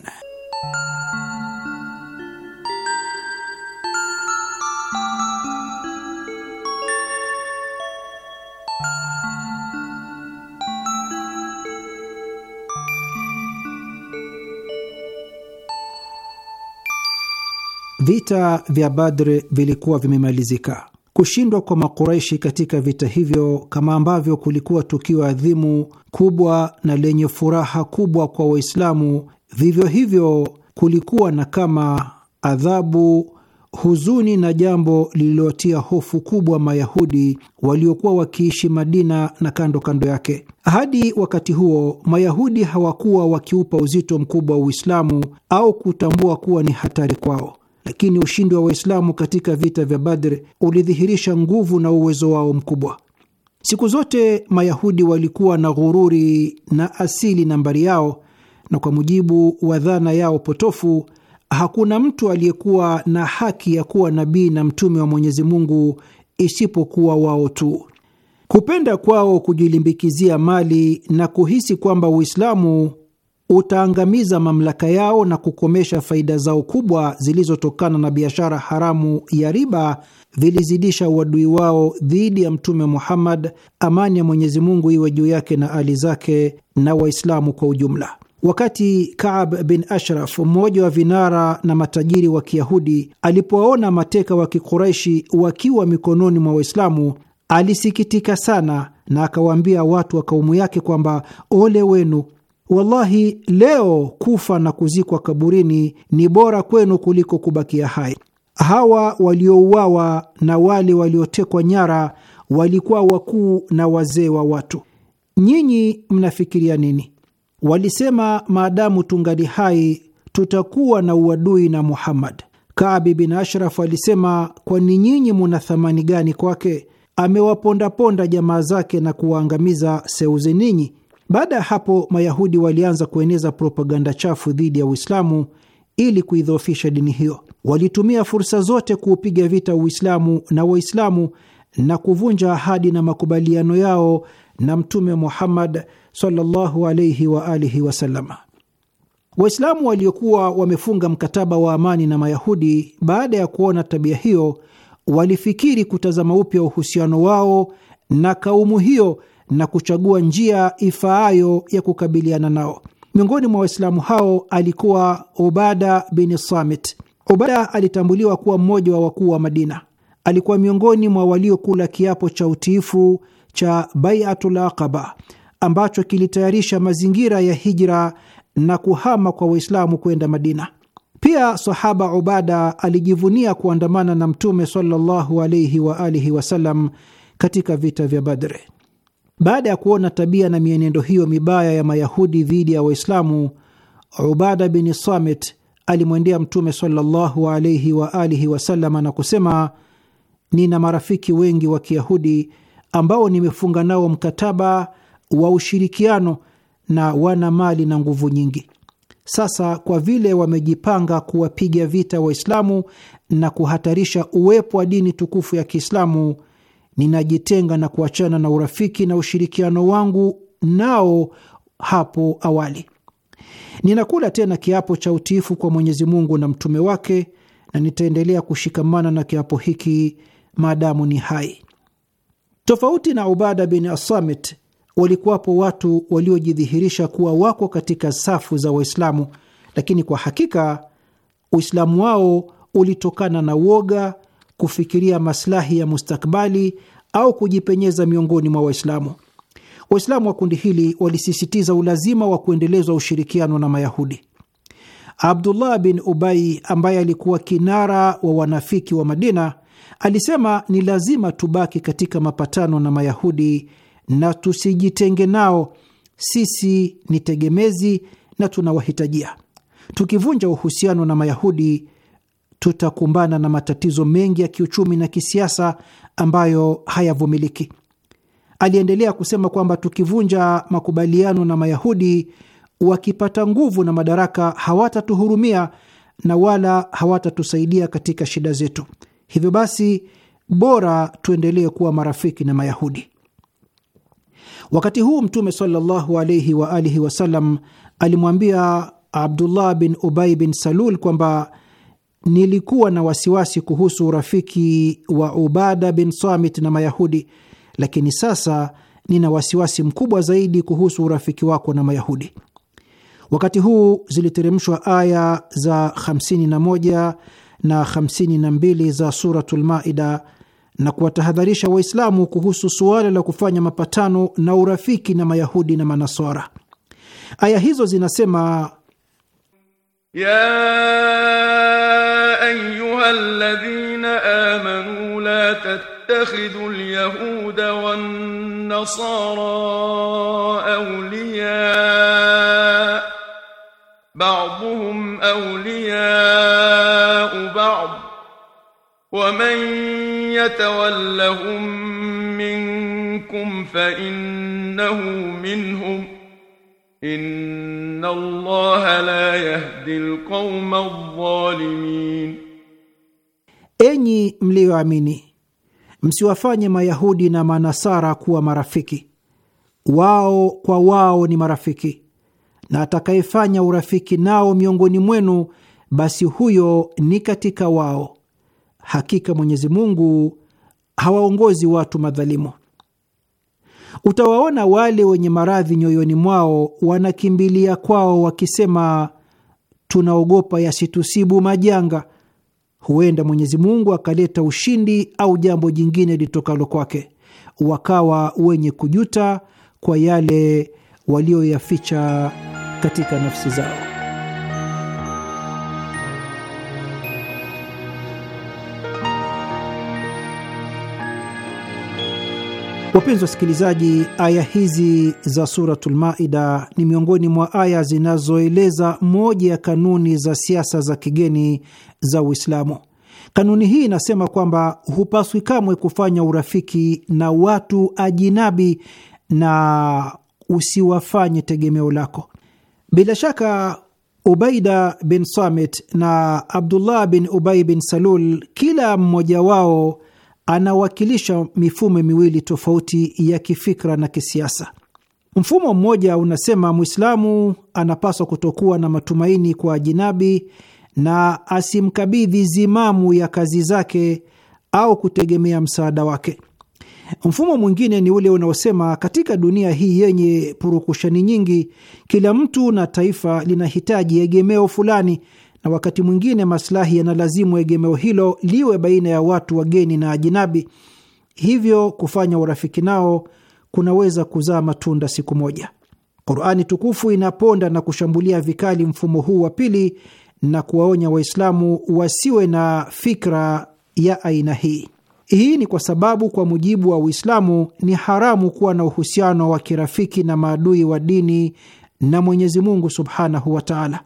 Vita vya Badri vilikuwa vimemalizika. Kushindwa kwa Makuraishi katika vita hivyo, kama ambavyo kulikuwa tukio adhimu kubwa na lenye furaha kubwa kwa Waislamu, vivyo hivyo kulikuwa na kama adhabu huzuni na jambo lililotia hofu kubwa Mayahudi waliokuwa wakiishi Madina na kando kando yake. Hadi wakati huo Mayahudi hawakuwa wakiupa uzito mkubwa wa Uislamu au kutambua kuwa ni hatari kwao lakini ushindi wa Waislamu katika vita vya Badr ulidhihirisha nguvu na uwezo wao mkubwa. Siku zote Mayahudi walikuwa na ghururi na asili nambari yao, na kwa mujibu wa dhana yao potofu, hakuna mtu aliyekuwa na haki ya kuwa nabii na mtume wa Mwenyezi Mungu isipokuwa wao tu. Kupenda kwao kujilimbikizia mali na kuhisi kwamba Uislamu utaangamiza mamlaka yao na kukomesha faida zao kubwa zilizotokana na biashara haramu ya riba vilizidisha uadui wao dhidi ya Mtume Muhammad, amani ya Mwenyezi Mungu iwe juu yake na ali zake na Waislamu kwa ujumla. Wakati Kaab bin Ashraf, mmoja wa vinara na matajiri wa Kiyahudi, alipowaona mateka wa Kikuraishi wakiwa mikononi mwa Waislamu, alisikitika sana na akawaambia watu wa kaumu yake kwamba ole wenu Wallahi, leo kufa na kuzikwa kaburini ni bora kwenu kuliko kubakia hai. Hawa waliouawa na wale waliotekwa nyara walikuwa wakuu na wazee wa watu. Nyinyi mnafikiria nini? Walisema, maadamu tungali hai tutakuwa na uadui na Muhammad. Kaabi bin Ashraf alisema, kwani nyinyi muna thamani gani kwake? Amewapondaponda jamaa zake na kuwaangamiza seuze ninyi baada ya hapo, Mayahudi walianza kueneza propaganda chafu dhidi ya Uislamu ili kuidhoofisha dini hiyo. Walitumia fursa zote kuupiga vita Uislamu na Waislamu na kuvunja ahadi na makubaliano yao na Mtume Muhammad sallallahu alayhi wa alihi wasallam. Waislamu waliokuwa wamefunga mkataba wa amani na Mayahudi, baada ya kuona tabia hiyo, walifikiri kutazama upya uhusiano wao na kaumu hiyo na kuchagua njia ifaayo ya kukabiliana nao. Miongoni mwa Waislamu hao alikuwa Ubada bin Samit. Ubada alitambuliwa kuwa mmoja wa wakuu wa Madina. Alikuwa miongoni mwa waliokula kiapo cha utiifu cha Baiatul Aqaba ambacho kilitayarisha mazingira ya hijra na kuhama kwa Waislamu kwenda Madina. Pia sahaba Ubada alijivunia kuandamana na Mtume sallallahu alaihi wa alihi wasallam katika vita vya Badri. Baada ya kuona tabia na mienendo hiyo mibaya ya Mayahudi dhidi ya Waislamu, Ubada bin Samit alimwendea Mtume sallallahu alaihi wa alihi wasalama na kusema, nina marafiki wengi wa Kiyahudi ambao nimefunga nao mkataba wa ushirikiano na wana mali na nguvu nyingi. Sasa kwa vile wamejipanga kuwapiga vita Waislamu na kuhatarisha uwepo wa dini tukufu ya Kiislamu, ninajitenga na kuachana na urafiki na ushirikiano wangu nao hapo awali. Ninakula tena kiapo cha utiifu kwa Mwenyezi Mungu na mtume wake, na nitaendelea kushikamana na kiapo hiki maadamu ni hai. Tofauti na Ubada bin Assamit, walikuwapo watu waliojidhihirisha kuwa wako katika safu za Waislamu, lakini kwa hakika Uislamu wao ulitokana na woga kufikiria maslahi ya mustakbali au kujipenyeza miongoni mwa Waislamu. Waislamu wa kundi hili walisisitiza ulazima wa kuendelezwa ushirikiano na Mayahudi. Abdullah bin Ubai ambaye alikuwa kinara wa wanafiki wa Madina alisema ni lazima tubaki katika mapatano na Mayahudi na tusijitenge nao. Sisi ni tegemezi na tunawahitajia. Tukivunja uhusiano na Mayahudi, tutakumbana na matatizo mengi ya kiuchumi na kisiasa ambayo hayavumiliki. Aliendelea kusema kwamba tukivunja makubaliano na Mayahudi, wakipata nguvu na madaraka, hawatatuhurumia na wala hawatatusaidia katika shida zetu. Hivyo basi, bora tuendelee kuwa marafiki na Mayahudi. Wakati huu Mtume sallallahu alaihi wa alihi wasallam alimwambia Abdullah bin Ubay bin Salul kwamba nilikuwa na wasiwasi kuhusu urafiki wa Ubada bin Samit na Mayahudi, lakini sasa nina wasiwasi mkubwa zaidi kuhusu urafiki wako na Mayahudi. Wakati huu ziliteremshwa aya za 51 na 52 za Suratul Maida na kuwatahadharisha Waislamu kuhusu suala la kufanya mapatano na urafiki na Mayahudi na Manaswara. Aya hizo zinasema ya ايها الذين امنوا لا تتخذوا اليهود والنصارى اولياء بعضهم اولياء بعض ومن يتولهم منكم فانه منهم inna allaha la yahdi alqauma adh-dhalimin, enyi mliyoamini, msiwafanye Mayahudi na Manasara kuwa marafiki. Wao kwa wao ni marafiki, na atakayefanya urafiki nao miongoni mwenu, basi huyo ni katika wao. Hakika Mwenyezi Mungu hawaongozi watu madhalimu. Utawaona wale wenye maradhi nyoyoni mwao wanakimbilia kwao wakisema, tunaogopa yasitusibu majanga, huenda Mwenyezi Mungu akaleta ushindi au jambo jingine litokalo kwake, wakawa wenye kujuta kwa yale walioyaficha katika nafsi zao. Wapenzi wasikilizaji, aya hizi za Suratul Maida ni miongoni mwa aya zinazoeleza moja ya kanuni za siasa za kigeni za Uislamu. Kanuni hii inasema kwamba hupaswi kamwe kufanya urafiki na watu ajinabi na usiwafanye tegemeo lako. Bila shaka Ubaida bin Samit na Abdullah bin ubai bin Salul, kila mmoja wao anawakilisha mifumo miwili tofauti ya kifikra na kisiasa. Mfumo mmoja unasema Mwislamu anapaswa kutokuwa na matumaini kwa jinabi na asimkabidhi zimamu ya kazi zake au kutegemea msaada wake. Mfumo mwingine ni ule unaosema katika dunia hii yenye purukushani nyingi, kila mtu na taifa linahitaji egemeo fulani na wakati mwingine maslahi yanalazimu egemeo hilo liwe baina ya watu wageni na ajinabi, hivyo kufanya urafiki nao kunaweza kuzaa matunda siku moja. Qurani tukufu inaponda na kushambulia vikali mfumo huu wa pili na kuwaonya Waislamu wasiwe na fikra ya aina hii. Hii ni kwa sababu kwa mujibu wa Uislamu ni haramu kuwa na uhusiano wa kirafiki na maadui wa dini na Mwenyezi Mungu subhanahu wa taala.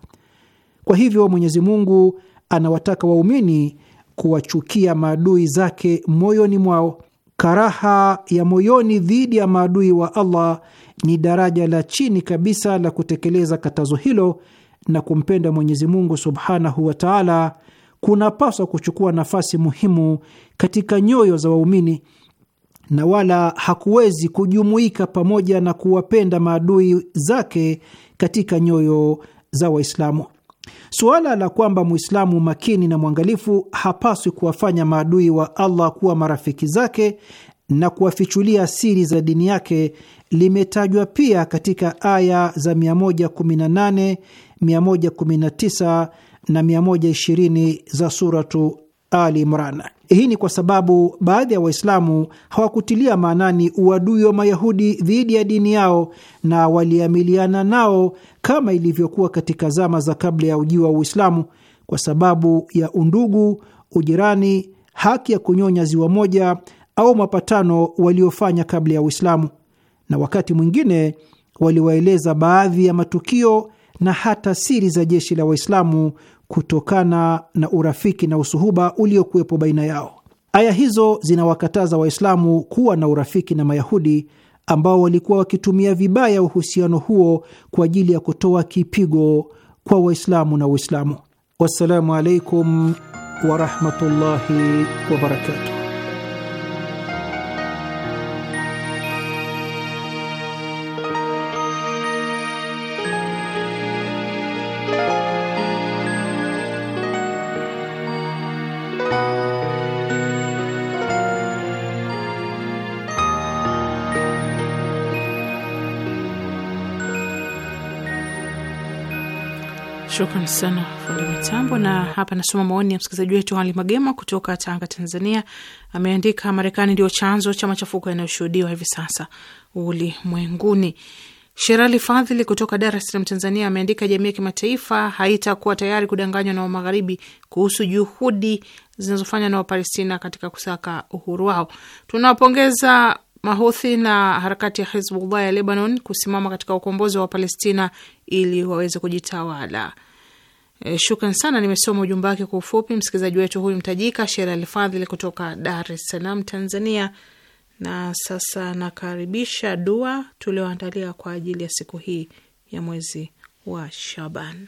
Kwa hivyo Mwenyezi Mungu anawataka waumini kuwachukia maadui zake moyoni mwao. Karaha ya moyoni dhidi ya maadui wa Allah ni daraja la chini kabisa la kutekeleza katazo hilo, na kumpenda Mwenyezi Mungu subhanahu wa taala kunapaswa kuchukua nafasi muhimu katika nyoyo za waumini na wala hakuwezi kujumuika pamoja na kuwapenda maadui zake katika nyoyo za Waislamu. Suala la kwamba Mwislamu makini na mwangalifu hapaswi kuwafanya maadui wa Allah kuwa marafiki zake na kuwafichulia siri za dini yake limetajwa pia katika aya za 118, 119 na 120 za Suratu ali Imran. Hii ni kwa sababu baadhi ya Waislamu hawakutilia maanani uadui wa Mayahudi dhidi ya dini yao na waliamiliana nao kama ilivyokuwa katika zama za kabla ya ujio wa Uislamu kwa sababu ya undugu, ujirani, haki ya kunyonya ziwa moja au mapatano waliofanya kabla ya Uislamu, na wakati mwingine waliwaeleza baadhi ya matukio na hata siri za jeshi la Waislamu kutokana na urafiki na usuhuba uliokuwepo baina yao. Aya hizo zinawakataza Waislamu kuwa na urafiki na Mayahudi ambao walikuwa wakitumia vibaya uhusiano huo kwa ajili ya kutoa kipigo kwa Waislamu na Uislamu. Wassalamu alaikum warahmatullahi wabarakatuh. Shukran sana fundi mitambo. Na hapa nasoma maoni ya msikilizaji wetu Ali Magema kutoka Tanga, Tanzania. Ameandika, Marekani ndio chanzo cha machafuko yanayoshuhudiwa hivi sasa ulimwenguni. Sherali Fadhili kutoka Dar es Salaam, Tanzania, ameandika, jamii ya kimataifa haitakuwa tayari kudanganywa na Wamagharibi kuhusu juhudi zinazofanywa na Wapalestina katika kusaka uhuru wao. Tunawapongeza Mahuthi na harakati ya Hizbullah ya Lebanon kusimama katika ukombozi wa Palestina ili waweze kujitawala. E, shukran sana. Nimesoma ujumbe wake kwa ufupi, msikilizaji wetu huyu mtajika Shera Alfadhili kutoka Dar es Salaam, Tanzania. Na sasa nakaribisha dua tulioandalia kwa ajili ya siku hii ya mwezi wa Shaban.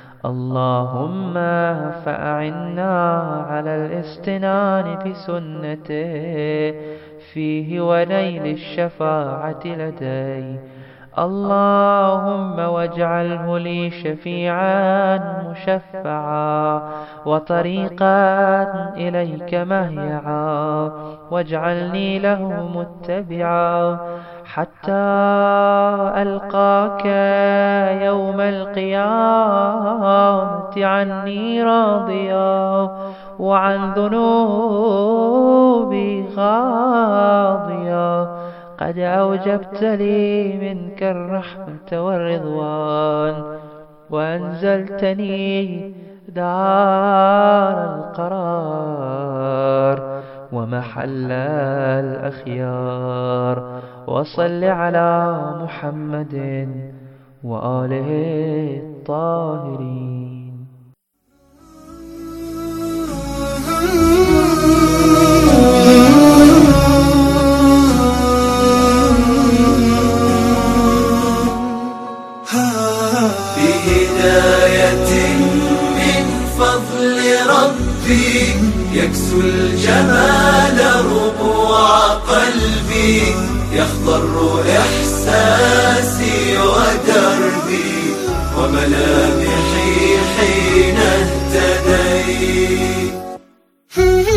اللهم فأعنا على الاستنان بسنته فيه ونيل الشفاعة لديه اللهم واجعله لي شفيعا مشفعا وطريقا إليك مهيعا واجعلني له متبعا حتى ألقاك يوم القيامة عني راضيا وعن ذنوبي غاضيا قد أوجبت لي منك الرحمة والرضوان وأنزلتني دار القرار ومحل الأخيار وصل على محمد وآله الطاهرين يكسو الجمال ربوع قلبي يخضر إحساسي ودربي وملامحي حين اهتديت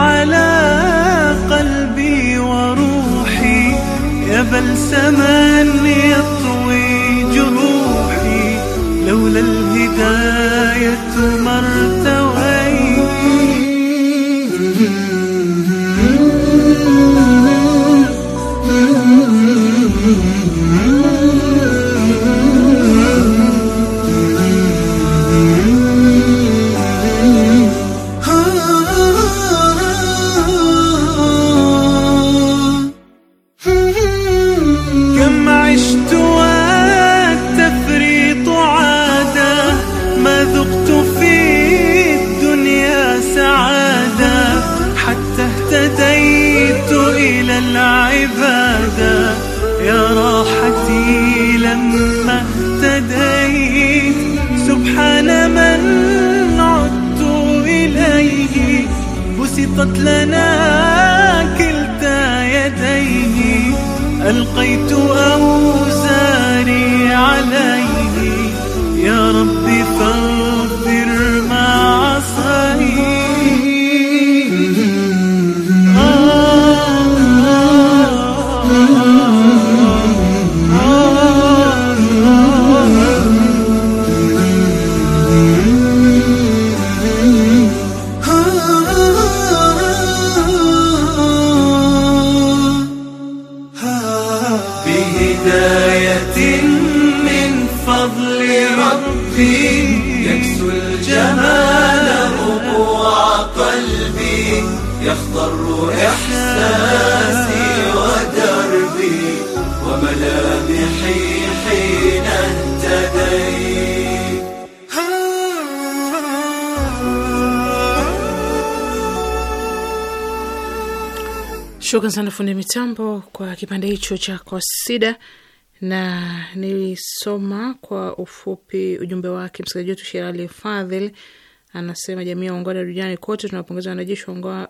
على قلبي وروحي يا بلسما يطوي جروحي لولا الهداية ما mitambo kwa kipande hicho cha kosida, na nilisoma kwa ufupi ujumbe wake msikilizaji wetu Sherali Fadhil anasema jamii ya waungwana duniani kote tunawapongeza wanajeshi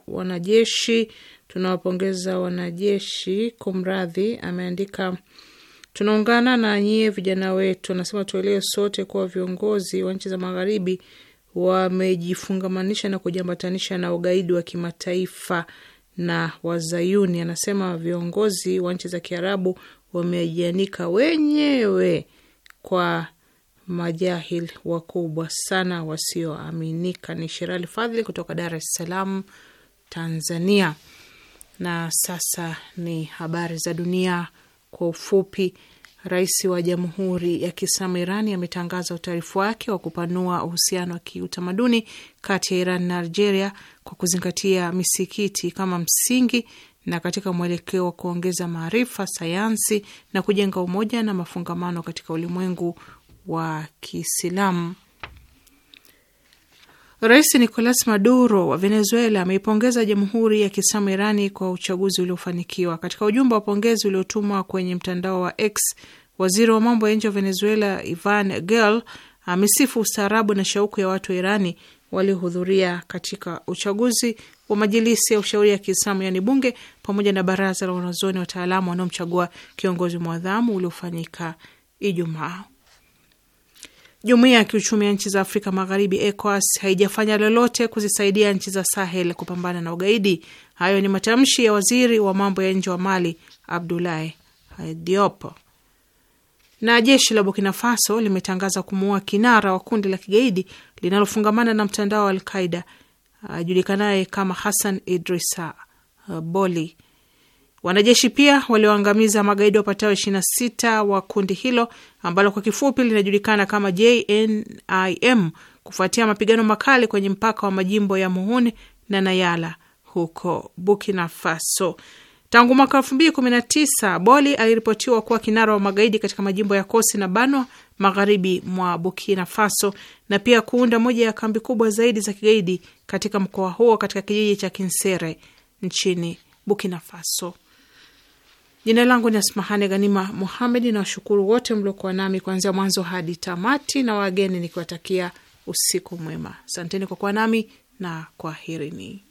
wanajeshi, tunawapongeza wanajeshi. Kumradhi, ameandika tunaungana na nyie vijana wetu. Anasema tuelewe sote kuwa viongozi wa nchi za magharibi wamejifungamanisha na kujiambatanisha na ugaidi wa kimataifa na Wazayuni. Anasema viongozi wa nchi za Kiarabu wamejianika wenyewe kwa majahil wakubwa sana wasioaminika. Ni Sherali Fadhili kutoka Dar es Salaam, Tanzania. Na sasa ni habari za dunia kwa ufupi. Rais wa Jamhuri ya Kiislamu Irani ametangaza utaarifu wake wa kupanua uhusiano wa kiutamaduni kati ya Iran na Algeria kwa kuzingatia misikiti kama msingi na katika mwelekeo wa kuongeza maarifa, sayansi na kujenga umoja na mafungamano katika ulimwengu wa Kiislamu. Rais Nicolas Maduro wa Venezuela ameipongeza jamhuri ya Kiislamu Irani kwa uchaguzi uliofanikiwa. Katika ujumbe wa pongezi uliotumwa kwenye mtandao wa X, waziri wa mambo ya nje wa Venezuela Ivan Gel amesifu ustaarabu na shauku ya watu wa Irani waliohudhuria katika uchaguzi wa majilisi ya ushauri ya Kiislamu yaani bunge pamoja na baraza la wanazoni wataalamu wanaomchagua kiongozi mwadhamu uliofanyika Ijumaa. Jumuiya ya kiuchumi ya nchi za Afrika Magharibi, ECOWAS, haijafanya lolote kuzisaidia nchi za Sahel kupambana na ugaidi. Hayo ni matamshi ya waziri wa mambo ya nje wa Mali, Abdulahi Diop. Na jeshi la Burkina Faso limetangaza kumuua kinara wa kundi la kigaidi linalofungamana na mtandao wa Alqaida ajulikanaye kama Hassan Idrisa Boli. Wanajeshi pia walioangamiza magaidi wapatao 26 wa kundi hilo ambalo kwa kifupi linajulikana kama JNIM kufuatia mapigano makali kwenye mpaka wa majimbo ya Muhuni na Nayala huko Burkina Faso. Tangu mwaka 2019 Boli aliripotiwa kuwa kinara wa magaidi katika majimbo ya Kosi na Banwa magharibi mwa Burkina Faso na pia kuunda moja ya kambi kubwa zaidi za kigaidi katika mkoa huo katika kijiji cha Kinsere nchini Burkina Faso. Jina langu ni Asmahani Ganima Muhamedi na washukuru wote mliokuwa nami kuanzia mwanzo hadi tamati, na wageni nikiwatakia usiku mwema. Asanteni kwa kuwa nami na kwaherini.